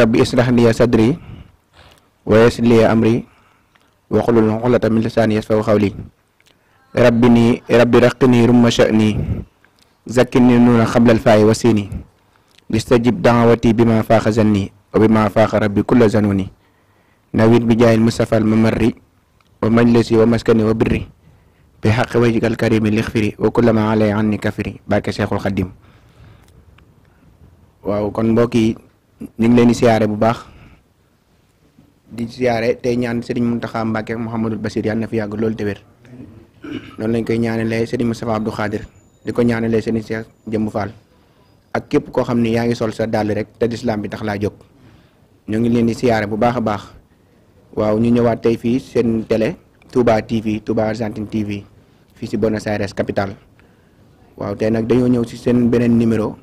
rabbi israh li sadri wa yassir li amri waxlul uqdatan min lisaani yafqahu qawli rabbi nii rabbi raqqini rumma sha'ni zakkini nuuna xablal faayi wa siini listajib daawati bi ma faaxa zanni wa bi ma faaxa rabbi kulla zanuni nawit bi jaayil mustafa al wa majlisi wa maskani wa birri bi xaqi wajhikal karimi lixfiri wa kulla ma alay anni kafiri barke Seexul Xaddim waaw kon mbokk ñu ngi leen di siyaare bu baax di siyaare tey ñaan Serigne Mountakha Mbacké Mouhamadul Basir yàlla na fi yàgg loolu te noonu lañ koy ñaanalee Serigne Moustapha Abdou Khadir di ko ñaanalee Serigne seen Jëmb Fall ak képp koo xam ne yaa ngi sol sa dàll rek te lislaam bi tax laa jóg ñu ngi leen di siyaare bu baax a baax waaw ñu ñëwaat tey fii seen tele Touba TV tubaa Argentine TV fii si Buenos Aires capital waaw te nag dañoo ñëw si seen beneen numéro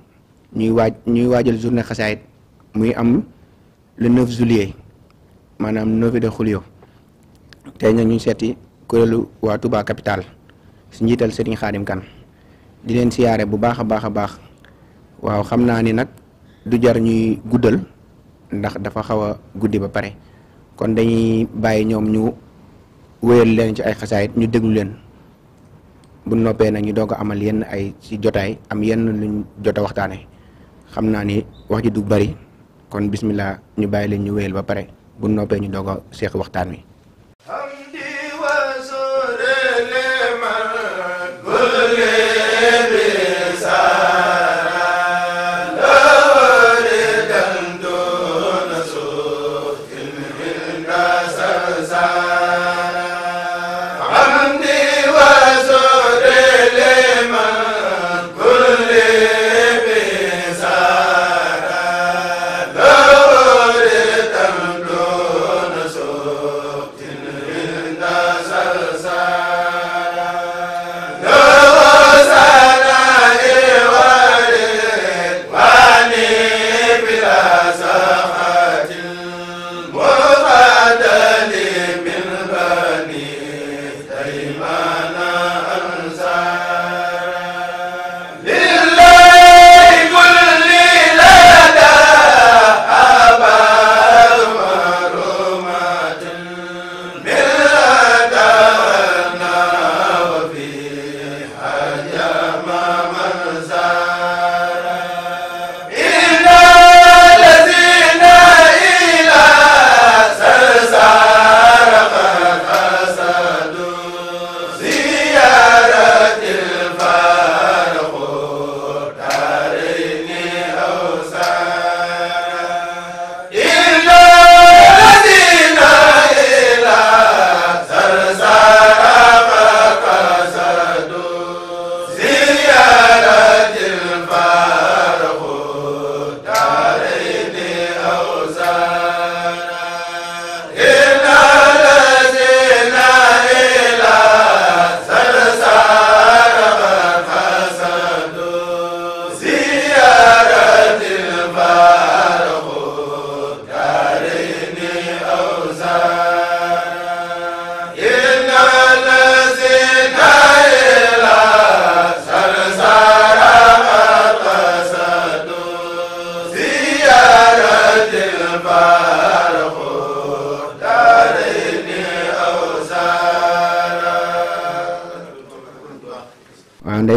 ñuy waaj ñuy waajal journée xasaayit muy am le 9 juillet maanaam 9 de julio te nag ñu seeti kuréelu waa Touba Capital si njiital Serigne Khadim kan di leen siyaare bu baax a baax a baax waaw xam naa ni nag du jar ñuy guddal ndax dafa xaw a guddi ba pare kon dañuy bàyyi ñoom ñu wéyal leen ci ay xasaayit ñu déglu leen bu noppee nag ñu doog a amal yenn ay ci jotaay am yenn luñ jot waxtaane xam naa ni wax ji du bari kon bismillah ñu bàyyi leen ñu wéyal ba pare bu noppee ñu doog a seex waxtaan wi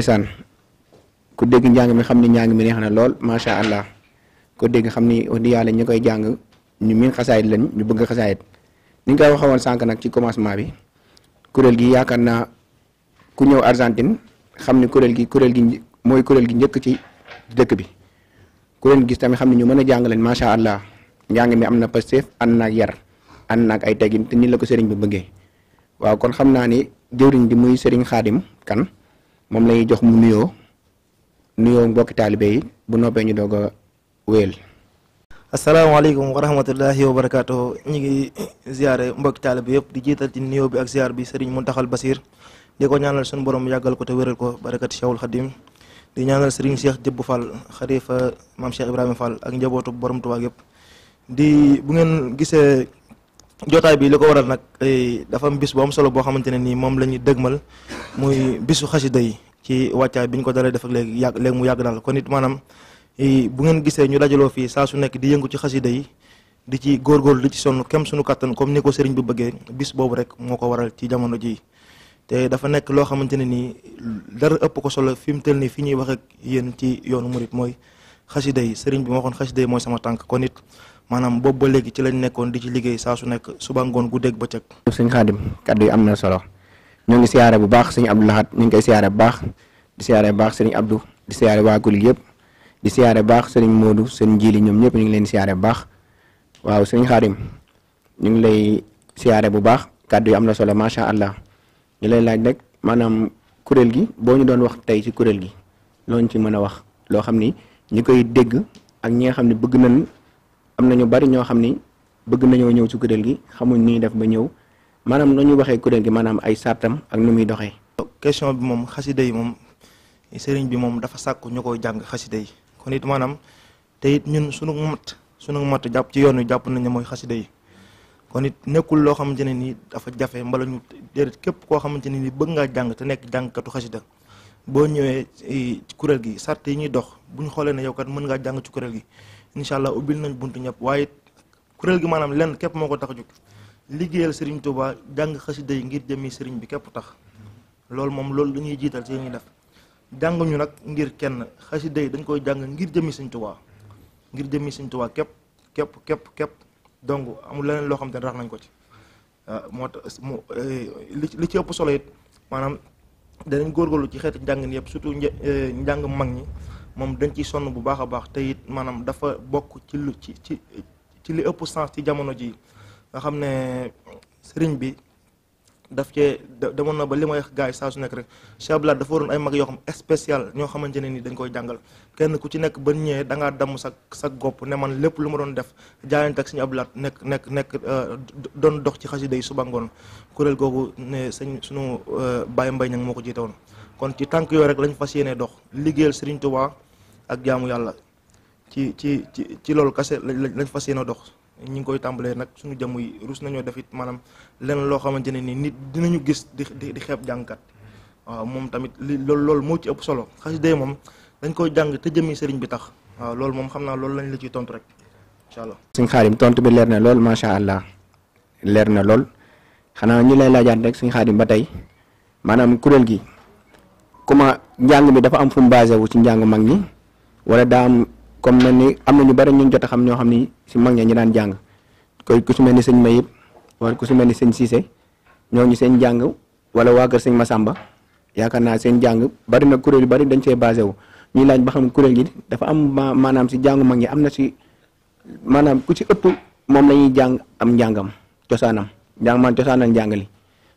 ndeysaan ku dégg njàng mi xam ni njàng mi neex na lool macha allah ku dégg xam ni wax dëgg yàlla ñu koy jàng ñu miin xasaayit lañ ñu bëgg xasaayit ni nga ko waxee woon sànq nag ci commencement bi kuréel gi yaakaar naa ku ñëw Argentine xam ni kuréel gi kuréel gi mooy kuréel gi njëkk ci dëkk bi kuréel gis tamit xam ni ñu mën a jàng leen macha allah njàng mi am na Pastef ànd naag yar ànd naag ay teggin te nii la ko sëriñ bi bëggee waaw kon xam naa ni jëwriñ bi muy sëriñ moom la ñuy jox mu nuyoo nuyoo mbokki taalibe yi bu noppee ñu doog a wéel. asalaamaaleykum wa rahmatullahi wa barakaatu ñu ngi ziare mbokki taalibe yëpp di jiital ci nuyoo bi ak ziar bi Serigne daxal Basir di ko ñaanal suñu borom yàggal ko te wéral ko barakat Cheikhul Khadim di ñaanal Serigne Cheikh Jëbb Fall xalifa maam Cheikh Ibrahima Fall ak njabootu borom Tuubaa yëpp di bu ngeen gisee. jotaay bii li ko waral nag eh, dafa am bis bu solo boo xamante ne nii moom lañuy ñuy dëgmal muy bisu xasida yi ci wàccaay bi ñu ko dalee def léegi yàgg léegi mu yàgg daal ko nit maanaam eh, bu ngeen gisee ñu dajaloo fii saa su nekk di yëngu ci xasida yi di ci góorgóorlu di ci sonn kem suñu kàttan comme ni ko sëriñ bu bëggee bis boobu rek moo ko waral ci jamono ji te dafa nekk loo xamante ne nii dara ëpp ko solo fi mu tël nii fi ñuy wax ak yéen ci yoonu murit mooy xasida yi sëriñ bi moo xoon xasida yi mooy sama tànk kon it maanaam boobu ba léegi ci lañu nekkoon di ci liggéey saa su nekk suba ngoon guddeeg bëccëg. sëñ Xaadim kaddu yi am na solo ñoo ngi siyaare bu baax sëñ Abdou Lahad ñu ngi koy siyaare bu baax di siyaare bu baax sëñ Abdou di siyaare yëpp di siyaare baax sëñ Modou sëñ Jili ñoom ñëpp ñu ngi leen siyaare bu baax waaw sëñ Xaadim ñu ngi lay siyaare bu baax kàddu yi am na solo macha allah ñu lay laaj rek maanaam kuréel gi boo ñu doon wax tey ci kuréel gi looñ ci mën a wax loo xam ni ñi koy dégg ak ñi nga xam ne bëgg nañ am na ñu bari ñoo xam ni bëgg nañoo ñëw ci kuréel gi xamuñ ni ñuy def ba ñëw maanaam nu ñu waxee kuréel gi maanaam ay sartam ak nu muy doxee. question bi moom xasida yi moom sëriñ bi moom dafa sàkk ñu koy jàng xasida yi kon it maanaam te it ñun sunu mat sunu mat jàpp ci yoon wi jàpp nañu mooy xasida yi kon it nekkul loo xamante ne nii dafa jafe mbala ñu déedéet képp koo xamante ne nii bëgg ngaa jàng te nekk jàngkatu xasida boo ñëwee ci kuréel gi sart yi ñuy dox bu ñu xoolee ne yow kat mën ngaa jàng ci kuréel gi incha allah ubbil nañ bunt ñëpp waaye kuréel gi maanaam lenn képp moo ko tax a jóg liggéeyal Serigne Touba jàng xasi yi ngir jëmmi Serigne bi képp tax loolu moom loolu dañuy jiital ci ñuy def ñu nag ngir kenn xasi yi dañ koy jàng ngir jëmmi Serigne Touba ngir jëmmi Serigne Touba képp képp képp képp donc amul leneen loo xam te ne nañ ko ci ah, moo tax mu eh, li ci ëpp solo yit maanaam danañ góorgóorlu ci xeeti njàng yëpp surtout eh, njàng mag ñi moom dañ ciy sonn bu baax a baax te it maanaam dafa bokk ci lu ci ci ci li ëpp sens ci jamono ji nga xam ne sëriñ bi daf cee demoon na ba li may wax gars yi saa su nekk rek Cheikh Abdoulaye dafa waroon ay mag yoo xam spécial ñoo xamante ne nii dañ koy jàngal kenn ku ci nekk ba ñëwee da ngaa damm sa sa gopp ne man lépp lu ma doon def jaayante ak suñu Abdoulaye nekk nekk nekk euh, doon dox ci xasida yi subangoon ngoon kuréel googu ne sëñ sunu euh, Baye Mbaye ña moo ko jiite woon kon ci tànk yooyu ak jaamu yàlla ci ci ci ci loolu kase lañ fas yéene dox ñu ngi koy tàmbalee nag suñu jëm yi rus nañoo def it maanaam lenn loo xamante ne ni nit dinañu gis di di xeeb jàngkat moom tamit li loolu loolu moo ci ëpp solo xasida moom dañ koy jàng te sëriñ bi tax loolu moom xam naa loolu lañ la ciy tontu rek incha allah. suñ xaadim tontu bi leer na lool macha allah leer na lool xanaa ñu lay laajaat rek suñ xaadim ba tey maanaam kuréel gi kuma njàng bi dafa am fu mu basé wu ci njàng mag ñi. wala daa am comme mel ni am na ñu bari ñu jot a xam ñoo xam ni si mag ña ñu daan jàng koy ku si mel ni sëñ Mayib wala ku si mel ni sëñ ñoo ñu seen jàng wala waa kër sëñ Masamba yaakaar naa seen jàng bari na kuréel yu bari dañ see basé wu ñuy laaj ba xam kuréel gi dafa am maanaam si jàngu mag ñi am na si maanaam ku si ëpp moom la ñuy jàng am njàngam cosaanam njàng man cosaanal njàng li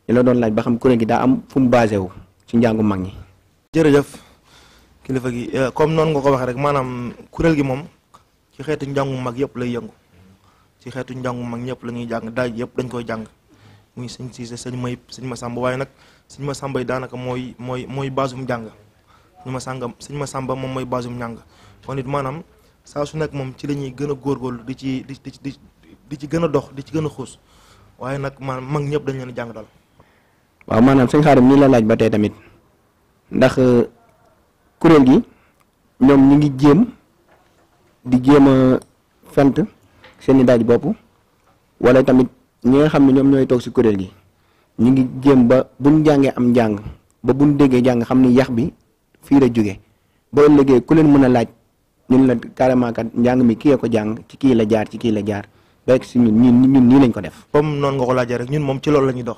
ñu la doon laaj ba xam kuréel gi daa am fu mu basé wu si njàngu mag ñi. kilifa gi euh, comme noonu nga ko waxee rek maanaam kuréel gi moom ci xeetu njàngu mag yëpp lay yëngu ci xeetu njàngu mag ñëpp la jàng daal yëpp dañ koy jàng muy sëñ Siise sëñ Mayib sëñ Masamba waaye nag sëñ ma yi daanaka mooy mooy basum jàng sëñ Masamba sëñ Masamba moom mooy basum njàng kon it maanaam saa su nekk moom ci la ñuy gën a góorgóorlu di ci di di di ci gën a dox di ci gën a xuus waaye nag maanaam mag ñëpp dañ leen a jàng daal. waaw maanaam sëñ Xaadim ñu la laaj ba tey tamit ndax. Euh, kuréel gi ñoom ñu ngi jéem di jéem a fent seen i daaj bopp wala tamit ñi xam ne ñoom ñooy toog si kuréel gi ñu ngi jéem ba buñ jàngee am jàng ba buñ déggee jàng xam ni yax bi fii la jóge ba ëllëgee ku leen mën a laaj ñun la carrément kat njàng mi kii ko jàng ci kii la jaar ci kii la jaar ba si ñun ñun ñun nii lañ ko def. comme noonu nga ko laajee rek ñun moom ci loolu la ñuy dox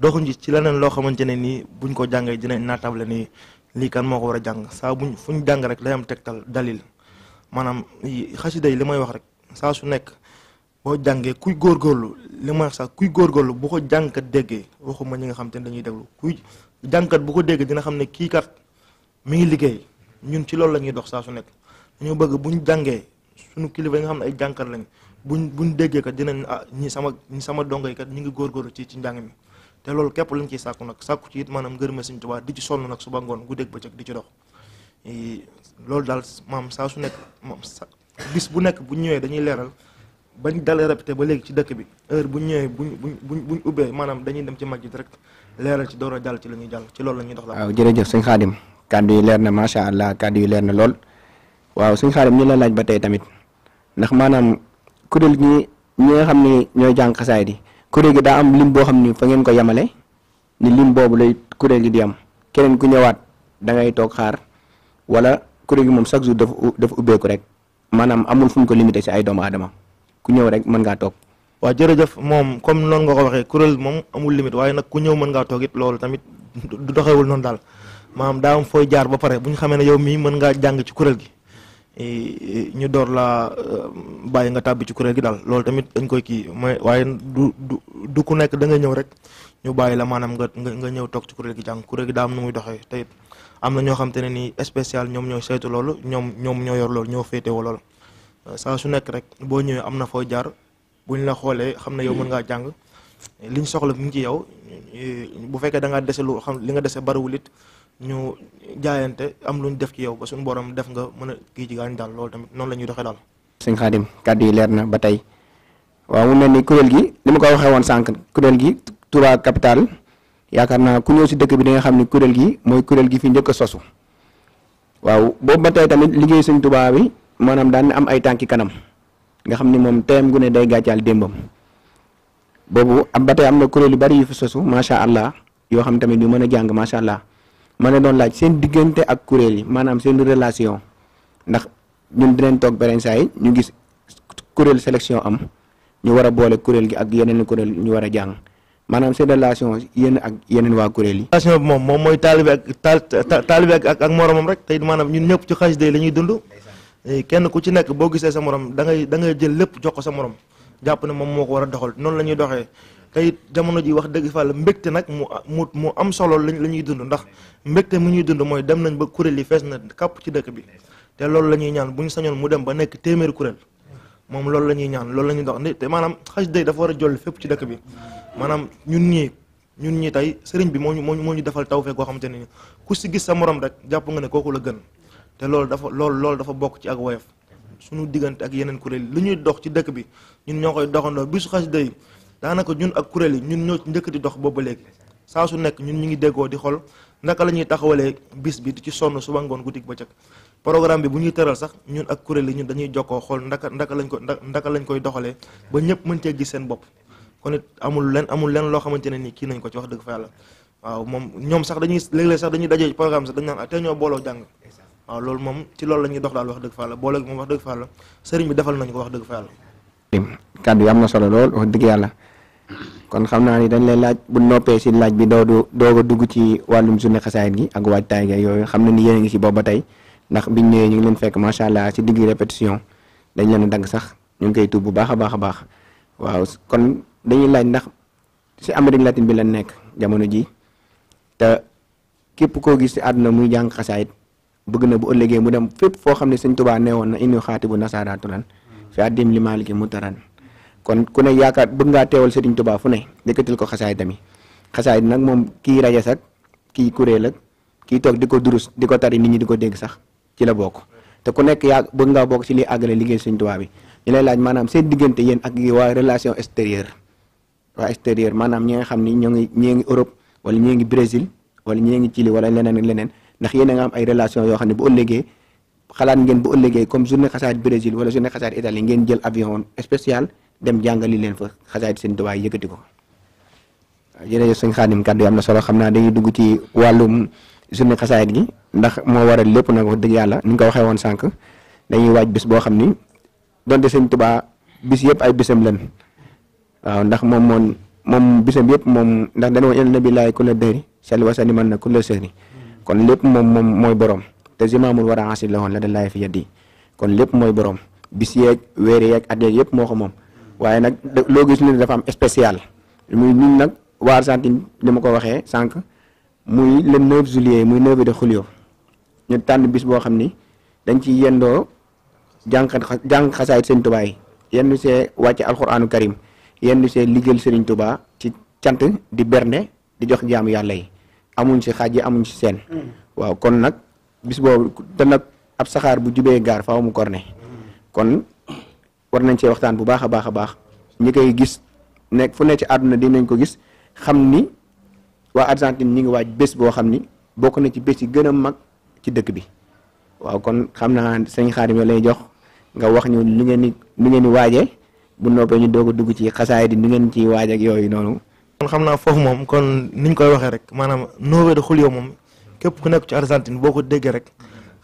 doxuñ ci leneen loo xamante ne nii buñ ko jàngee dinañ naatable nii lii kan moo ko war a jàng saa buñ fu ñu jàng rek day am tegtal dalil maanaam xasida yi li may wax rek saa su nekk boo jàngee kuy góorgóorlu li may wax sax kuy góor góorlu bu ko jàngkat déggee waxuma ñi nga xam te ne dañuy déglu kuy jàngkat bu ko déggee dina xam ne kii kat mu ngi liggéey ñun ci loolu la ñuy dox saa su nekk dañoo bëgg bu ñu jàngee suñu kilifa yi nga xam ne ay jàngkat lañ bu ñu déggee kat dinañ ah ñi sama ñi sama dongo kat ñu ngi góorgóorlu ci ci njàng mi te loolu képp lañ ciy sàkku nag sàkku ci it maanaam ngërëma Sëriñ Tuubaa di ci sonn nag suba ngoon guddeeg bëccëg di ci dox e, loolu daal maam saa su nekk maam sa bis bu nekk bu ñëwee dañuy leeral bañ dalee répété ba léegi ci dëkk bi heure bu ñëwee buñ buñ buñ ubbee maanaam dañuy dem ci mag ji rek leeral ci door a jàll ci la ñuy jàll ci loolu la ñuy dox daal. waaw jërëjëf sëñ Xaadim kàddu yi leer na macha allah kàddu yi leer na lool waaw sëñ Xaadim ñu la laaj ba tey tamit ndax maanaam kuréel ñi ñi nga xam ne ñooy jàng xasaay di kuréel gi daa am lim boo xam ni fa ngeen ko yemale ni lim boobu lay kuréel gi di am keneen ku ñëwaat da ngay toog xaar wala kuréel gi moom chaque jour dafa dafa ubbeeku rek maanaam amul fu mu ko limité si ay doomu aadama ku ñëw rek mën ngaa toog. waaw jërëjëf moom comme noonu nga ko waxee kuréel moom amul limite waaye nag ku ñëw mën ngaa toog loolu tamit du doxewul noonu daal maanaam daa am fooy jaar ba pare bu ñu xamee ne yow mii mën ngaa jàng ci kuréel gi ñu door laa euh, bàyyi nga tàbbi ci kuréel gi daal loolu tamit dañ koy kii mooy waaye du du du ku nekk da nga ñëw rek ñu bàyyi la maanaam nga nga ñëw toog ci kuréel gi jàng kuréel gi daa am nu muy doxe te am na ñoo xam te ne nii spécial ñoom ñoo saytu loolu ñoom ñoo yor loolu ñoo féetewoo loolu euh, saa su nekk rek boo ñëwee am na fooy jaar ñu la xoolee xam na yow mën ngaa jàng liñ soxla mu ci yow bu fekkee da ngaa dese lu xam li nga dese bariwul it ñu jaayante am lu ñu def ci yow ba suñu borom def nga mën a kii ci daal loolu tamit noonu la ñuy doxee daal. sëñ Xaadim kàddu yi leer na ba tey waaw mu mel ni kuréel gi li ma ko waxee woon sànq kuréel gi Touba Capital yaakaar naa ku ñëw si dëkk bi di xam ne kuréel gi mooy kuréel gi fi njëkk sosu waaw boobu ba tey tamit liggéey sëñ tubaab yi maanaam daan am ay tànki kanam nga xam ni moom teem gu day gàccaal démbam boobu ba tey am na kuréel yu bari yu fi sosu macha yoo xam tamit ñu mën a jàng macha allah. ma leen doon laaj seen diggante ak kuréel yi maanaam seen relation ndax ñun dinañ toog beneen saa ñu gis kuréel sélection am ñu war a boole kuréel gi ak yeneen kuréel ñu war a jàng maanaam seen relation yéen ak yeneen waa kuréel yi. relation bi moom moom mooy taalibe ak taalibe ak ak moromam rek tey maanaam ñun ñëpp ci xasida yi la ñuy dund. Eh, kenn ku ci nekk boo gisee sa morom da ngay da ngay jël lépp jox ko sa morom jàpp na moom moo ko war a doxal noonu la ñuy doxee. tey it jamono ji wax dëgg fa la nag mu mu mu am solo lañ la ñuy dund ndax mbégte mu ñuy dund mooy dem nañ ba kuréel yi fees na kàpp ci dëkk bi te loolu la ñuy ñaan bu ñu sañoon mu dem ba nekk téeméeri kuréel moom loolu la ñuy ñaan loolu la ñuy dox ni te maanaam xas day dafa war a jolli fépp ci dëkk bi maanaam ñun ñii ñun ñii tey sëriñ bi moo ñu moo ñu defal tawfeex goo xamante ne ku si gis sa morom rek jàpp nga ne kooku la gën te loolu dafa loolu loolu dafa bokk ci ak woyof suñu diggante ak yeneen kuréel li ñuy dox ci dëkk bi ñun ñoo koy doxandoo bisu xas day daanaka ñun ak kuréel yi ñun ñoo njëkk di dox boobu ba léegi saa su nekk ñun ñu ngi déggoo di xool naka la ñuy taxawalee bis bi di ci sonn suba ngoon guddik bëccëg programme bi bu ñuy tëral sax ñun ak kuréel yi ñun dañuy jokkoo xool ndaka ndaka lañ ko ndaka lañ koy doxalee ba ñëpp mën cee gis seen bopp kon it amul leen amul leen loo xamante ne nii kii nañ ko ci wax dëgg fa yàlla waaw moom ñoom sax dañuy léeg-léeg sax dañuy dajee programme sax dañu naan ah tey ñoo booloo jàng waaw loolu moom ci la ñuy dox daal wax dëgg fa yàlla boole moom wax dëgg fa yàlla sëriñ bi defal nañu ko wax dëgg kàddu yi am na solo lool wax dëgg yàlla kon xam naa ni dañ lay laaj bu noppee si laaj bi doo doo a dugg ci wàllum suñu xasaayit gi ak waajtaay gi yooyu xam na ni yéen ngi si boobu ba tey ndax bi ñëwee ñu ngi leen fekk macha allah si digg répétition dañ leen a dagg sax ñu ngi koy tuub bu baax a baax a baax waaw kon dañuy laaj ndax si Amérique latine bi la nekk jamono ji te képp koo gis si àdduna muy jàng xasaayit bëgg na bu ëllëgee mu dem fépp foo ne sëñ Tuubaa nee woon na inu xaati bu nasaaraatu fi addim li maaliki mutaran kon ku ne yaakaar bëgg ngaa teewal Serigne Touba fu ne yëkkatil ko xasaay dami xasaay nag moom kii rajo sax kii kuréel ak kii toog di ko durus di ko tari nit ñi di ko dégg sax ci la bokk te ku nekk yaa bëgg ngaa bokk si liy àggale liggéey Serigne Touba bi ñu lay laaj maanaam seen diggante yéen ak waa relation extérieure waa extérieure maanaam ñi nga xam ni ñoo ngi ñii ngi Europe wala ñii ngi Brésil wala ñii ngi Chili wala leneen leneen ndax yéen nga am ay relation yoo xam ne bu ëllëgee xalaat ngeen bu ëllëgee comme journée xasaayit Brésil wala journée xasaayit Italie ngeen jël avion spécial dem jàngali leen fa xasaayit seen dowaay yëkkati ko waaw jërëjëf sëñ Xaadim kàddu yi am na solo xam naa dañuy dugg ci wàllum journée xasaayit gi ndax moo waral lépp nag ko dëgg yàlla ni nga ko waxee woon sànq dañuy waaj bis boo xam ni donte seen Tubaa bis yëpp ay bisam lan waaw ndax moom moon moom bisam yëpp moom ndax dañoo indi nabi laay ku la dëri sali wasani man na ku la sëri kon lépp moom moom mooy te zimaamul war a ansi la woon la da laay fi yeddi kon lépp mooy borom bis yeeg weer yeeg at yeeg yëpp moo ko moom waaye nag loo gis lu dafa am spécial muy ñun nag waa Argentine li ma ko waxee sànq muy le 9 juillet muy 9 de julio ñu tànn bis boo xam ni dañ ci yendoo jànq jàng xasaayit sëñ Tuubaa yi yendu see wàcce alxuraanu karim yendu see liggéeyal sëriñ tubaa ci cant di bernde di jox jaamu yàlla yi amuñ si xaaj yi amuñ si seen mm. waaw kon nag bis boobu te ab saxaar bu jubee gaar faaw mu corne kon war nañ cee waxtaan bu baax a baax a baax ñi koy gis nekk fu ne ci àdduna dinañ ko gis xam ni waa Argentine ñi ngi waaj bés boo xam ni bokk na ci bés yi gën a mag ci dëkk bi waaw kon xam naa sëñ Xaadim lay jox nga wax ñu lu ngeen ni lu ngeen di waajee bu noppee ñu doog a dugg ci xasaay di nu ngeen ciy waaj ak yooyu noonu. kon xam naa foofu moom kon niñ koy waxee rek maanaam noowee de xul képp ku nekk ci Argentine boo ko déggee rek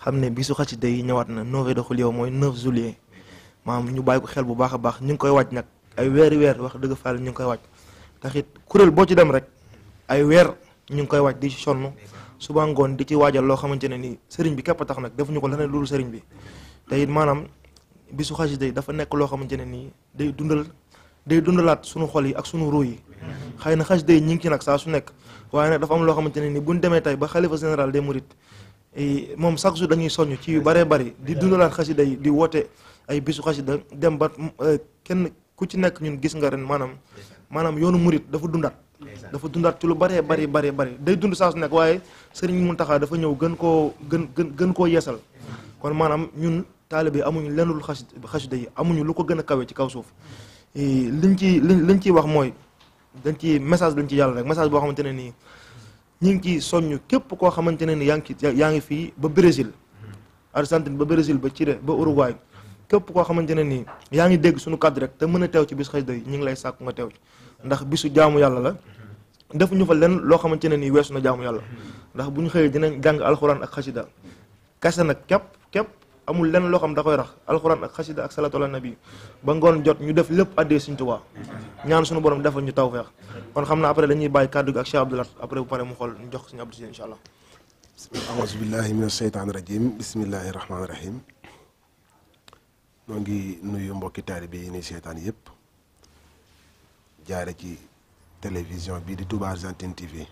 xam ne bisu xasida yi ñëwaat na nove de julio mooy 9 juillet maanaam ñu bàyyi ko xel bu baax a baax ñu ngi koy waaj nag ay weeri weer wax dëgg faal ñu ngi koy waaj ndax it kuréel boo ci dem rek ay weer ñu ngi koy waaj di ci sonn suba ngoon di ci waajal loo xamante ne nii sëriñ bi képp a tax nag defuñu ko leneen loolu sëriñ bi te it maanaam bisu xasida yi dafa nekk loo xamante ne nii day dundal day dundalaat suñu xol yi ak suñu ruu yi xëy su nekk waaye nag dafa am loo xamante ne ni bu nu demee tey ba xalifa général de mourides eh, moom chaque jour dañuy soññ ci yu bëree bëri di dundalaat xasida yi di woote ay bisu xasida dem ba eh, kenn ku ci nekk ñun gis nga ren maanaam maanaam yoonu murit dafa dundat dafa dundaat ci lu bëree bëri bëri bëri day dund saa su nekk waaye mun Mountakha dafa ñëw gën koo gën gën gën koo yeesal kon maanaam ñun taalibe yi amuñu lenn lu xasida yi amuñu lu ko gën a kawe ci kaw suuf eh, liñ ci liñ ciy wax mooy dañ ci message duñ ci yàlla rek message boo xamante ne nii ñu ngi ciy soññ képp koo xamante ne ni yaa ngi ci yaa ngi fii ba Brésil Argentine ba Brésil ba Chili ba Uruguay képp koo xamante ne nii yaa ngi dégg sunu kàddu rek te mën a teew ci bis xasida yi ñu ngi lay sàkku nga teew ci ndax bisu jaamu yàlla la defuñu ñu fa lenn loo xamante ne nii weesu na jaamu yàlla ndax bu ñu xëyee dinañ jàng alxuraan ak xasida kase nag kepp képp amul lenn loo xam da koy rax alxuraan ak xasida ak salatu ala nabi ba ngoon jot ñu def lépp addee suñ tubaa ñaan sunu borom defal ñu tawfeex kon xam naa après dañuy bàyyi kàddu gi ak Cheikh Abdoulaye après bu pare mu xool ñu jox suñu Abdou Sy incha allah aouzu billahi min asheytaan rajim bismillahi rahmaani rahim noo ngi nuyu mbokki taalibe bi ni seetaan yëpp jaare ci télévision bii di Touba Argentine TV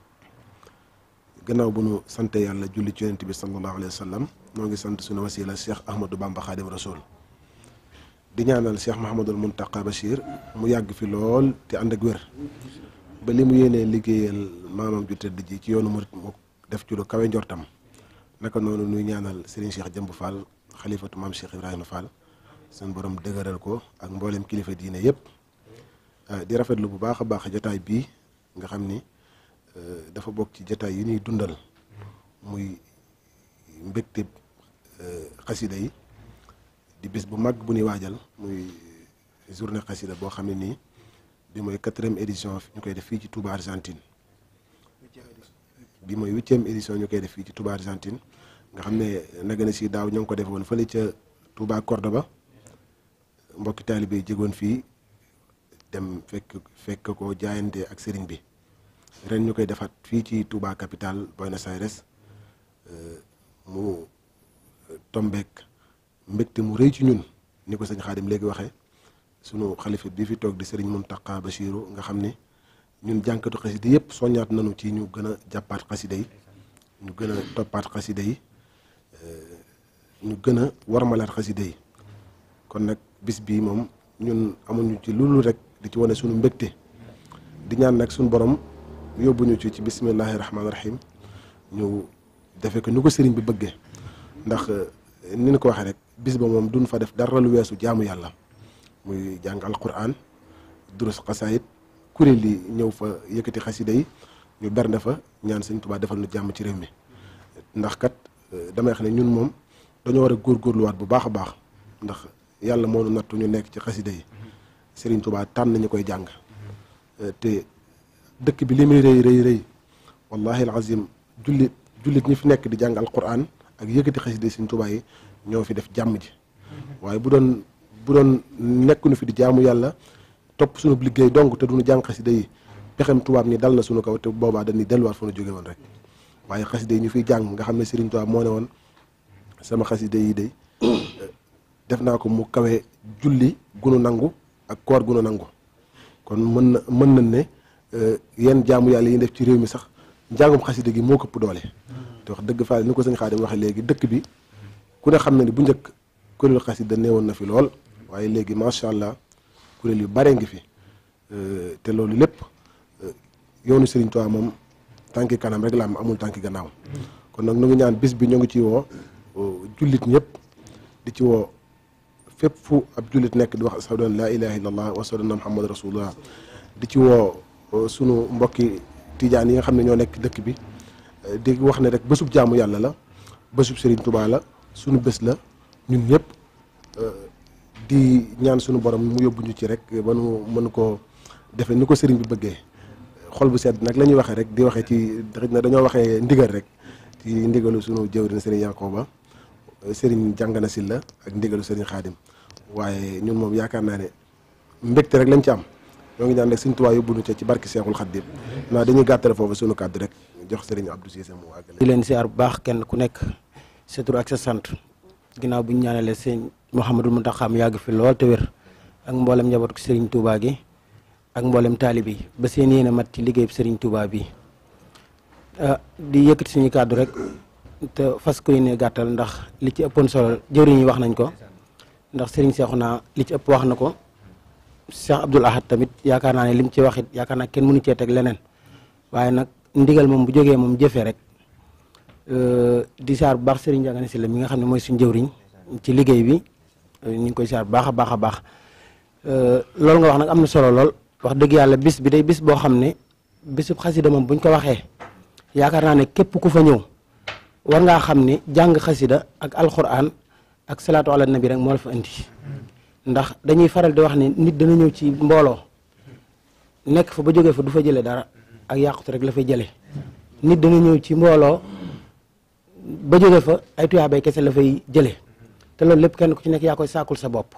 gannaaw bu nu sante yàlla julli ci yonent bi sallallahu alayhi noo ngi sant sunu wasila Cheikh Ahmadou Bamba Khadim Rasoul di ñaanal Cheikh Mahamadul Muntaqa mu yàgg fi lool te ànd ak wér ba li mu yéenee liggéeyal maamam ji ci yoonu murit def ci lu kawe njortam naka noonu nuy ñaanal Serigne Cheikh Jëmb Fall xalifatu maam Cheikh Ibrahima Fall seen boroom dëgëral ko ak mbooleem kilifa diine yëpp ah, di rafetlu bu baax a baax jotaay bii nga xam ni ah, dafa bokk ci jotaay yi ñuy dundal muy mbégte Euh, xasida yi di bis bu mag bu ñuy waajal muy journée xasida boo xam ne nii bi mooy quatrième édition ñu koy def fii ci Touba Argentine mooy huitième édition ñu koy def ci Touba nga xam ne nag si daaw ñoo ko def woon fële ca Touba Cordoba mbokki taalibe jegoon fii dem fekk fekk ko jaayante ak sëriñ bi ren ñu koy defaat fii ci Touba capital Buenos Aires euh, mu tombeek mbégte mu rëy ci ñun ni ko sëñ xaadim léegi waxee sunu xalifa bi fi toog di sëriñ Muntaqa Bachiru nga xam ne ñun jànkatu xasida yëpp soñaat nañu ci ñu gën a jàppaat xasida yi ñu gën a toppaat xasida yi eh, ñu gën a warmalaat xasida yi kon nag bis bii moom ñun amuñu ci loolu rek di ci wane suñu mbégte di ñaan nag suñu borom yóbbuñu ci ci bismillahi rahmaani rahim ñu defe ko ñu ko sëriñ bi bëggee ndax eh, ni ñu ko waxee rek bis ba moom duñ fa def dara lu weesu jaamu yàlla muy jàng alquran durus xasaayit kuréel yi ñëw fa yëkkati xasida yi ñu bernde fa ñaan sëñ tubaa defal nu jàmm ci réew mi ndax kat eh, damay wax ne ñun moom dañoo war a góorgóorluwaat bu baax a baax ndax yàlla moo nu nattu ñu nekk ci xasida yi sëriñ tubaa tànn ñu koy jàng eh, te dëkk bi li muy rëy rëy rëy wallahi alazim jullit jullit ñu fi nekk di jàng alquran ak yëkkati xasida Sëriñ Tuubaa yi ñoo fi def jàmm ji waaye bu doon bu doon nekkuñu fi di jaamu yàlla topp suñu liggéey dong te duñu jàng xasida yi pexem tubaab ni dal na suñu kaw te boobaa dañuy delluwaat fa nu jóge woon rek waaye xasida yi ñu fiy jàng nga xam ne Sëriñ Tuubaa moo ne woon sama xasida yi day eh, def naa ko mu kawe julli gunu nangu ak koor gunu nangu kon mën na mën nañ ne eh, yenn jaamu yàlla yi def ci réew mi sax njàngum xasida gi moo këpp doole te wax dëgg faa ni ko sëñ Xaadim waxee léegi dëkk bi ku ne xam ne ni bu njëkk kuréelu xasida neewoon na fi lool waaye léegi macha allah kuréel yu bare ngi fi euh, te loolu lépp euh, yoonu Serigne Touba moom tànki kanam rek la am amul tànki gannaaw kon nag ñu ngi ñaan bis bi ñu ngi ci woo euh, jullit ñëpp di ci woo fépp fu ab jullit nekk di wax ashadu an laa ilaha illa allah wa ashadu anna muhammad rasulullah di ci woo sunu mbokki tijaan yi nga xam ne ñoo nekk dëkk bi di wax ne rek bésub jaamu yàlla la bésub sëriñ Touba la sunu bés la ñun ñëpp euh, di ñaan sunu borom mu yóbbu ñu ci rek ba nu mën ko defee ni ko sëriñ bi bëggee xol bu sedd nag la ñuy waxee rek di waxee ci xëy na dañoo waxee ndigal rek ci ndigalu sunu jëwriñ Serigne Yankoba sëriñ jàngana si la ak ndigalu Serigne Khadim waaye ñun moom yaakaar naa ne mbégte rek lañ ci am ñoo ngi ñaan rek Serigne Touba yóbbu ñu ca ci barke Seexul Xadim naa dañuy gàttale foofu sunu kàddu rek. jox Serigne Abdou Cissé mu àggale. di leen siyaar bu baax kenn ku nekk sa tur sant ginnaaw bu ñu ñaanalee sëñ Mouhamadou Mountakha mu yàgg fi lool te wér ak mboolem njabootu Serigne Touba gi ak mboolem taalibe yi ba seen yéene mat ci liggéeyub Serigne Touba bi ah, di yëkkati suñu kàddu rek te fas ko yéene gàttal ndax li ci ëppoon solo jëwriñ yi wax nañ ko ndax Serigne Cheikhouna li ci ëpp wax na ko. Cheikh Abdoul Ahad tamit yaakaar naa ne lim ci waxit yaakaar naa kenn mënu cee teg leneen waaye nag ndigal moom bu jógee moom jëfee rek euh, di saar bu baax Serigne Ndiagane Sylla mi nga xam ne mooy suñu jëwriñ ci liggéey bi euh, ñu ngi koy saar bu baax a baax a baax euh, loolu nga wax nag am na solo lool wax dëgg yàlla bis bi day bis boo xam ne bisub xasida moom buñ ko waxee yaakaar naa ne képp ku fa ñëw war ngaa xam ne jàng xasida ak alxuraan ak salaatu ala bi rek moo la fa indi ndax dañuy faral di wax ne nit dana ñëw ci mbooloo nekk fa ba jógee fa du fa jëlee dara ak yàqut rek la fay jële nit dana ñëw ci mbooloo ba jóge fa ay tuyaabay kese la fay jële te loolu lépp kenn ku ci nekk yaa koy sàkkul sa bopp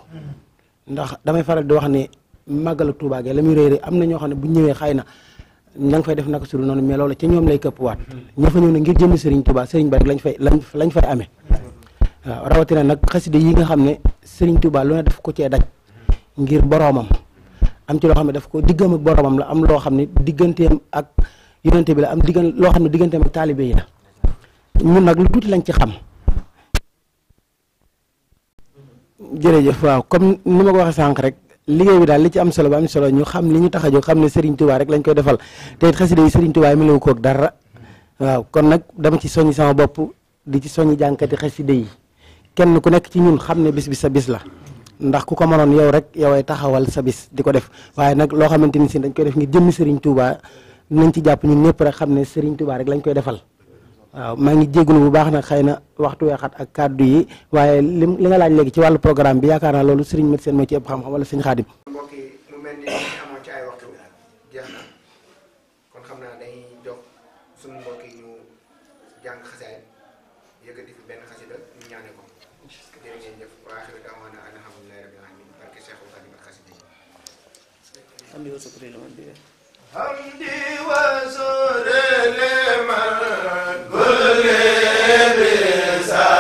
ndax damay faral di wax ne màggalu Tuubaa gi la muy réeré am na ñoo xam ne bu ñëwee xay na na nga fay def su suru noonu mais loolu ñoom lay këpp waat ña fa ñëw ne ngir jënd Serigne Touba Serigne ba rek lañ fay lañ lañ fay amee waaw rawatina nag xasida yi nga xam ne sëriñ Touba lu ne def ko cee daj ngir boroomam am ci loo xam ne daf koo diggam ak boromam la am loo xam ne digganteem ak yonente bi la am diggan loo xam ne digganteem ak taalibe yi la mun nag lu tuuti lañ ci xam jërëjëf waaw comme ni ma ko waxee sànq rek liggéey bi daal li ci am solo ba am solo ñu xam li ñu tax a jóg xam ne Serigne Touba rek lañ koy defal te it xasida yi Serigne Touba mi la ko ak dara waaw kon nag dama ci soñ sama bopp di ci soññi jànkati xasida yi kenn ku nekk ci ñun xam ne bis bi sa bis la ndax ku ko mënoon yow rek yoway taxawal sa bis di ko def waaye nag loo xamante ni si dañ koy def ngir jëmmi Serigne Touba nañ ci jàpp ñun ñëpp rek xam ne Serigne Touba rek lañ koy defal waaw maa ngi jégalu bu baax nag xëy na waxtu weexat ak kàddu yi waaye li nga laaj léegi ci wàllu programme bi yaakaar naa loolu Serigne Mate Sène ci ëpp xam-xam wala Serigne Khadim. hamdi wa sukri liman bi hamdi wa sukri liman kulli bi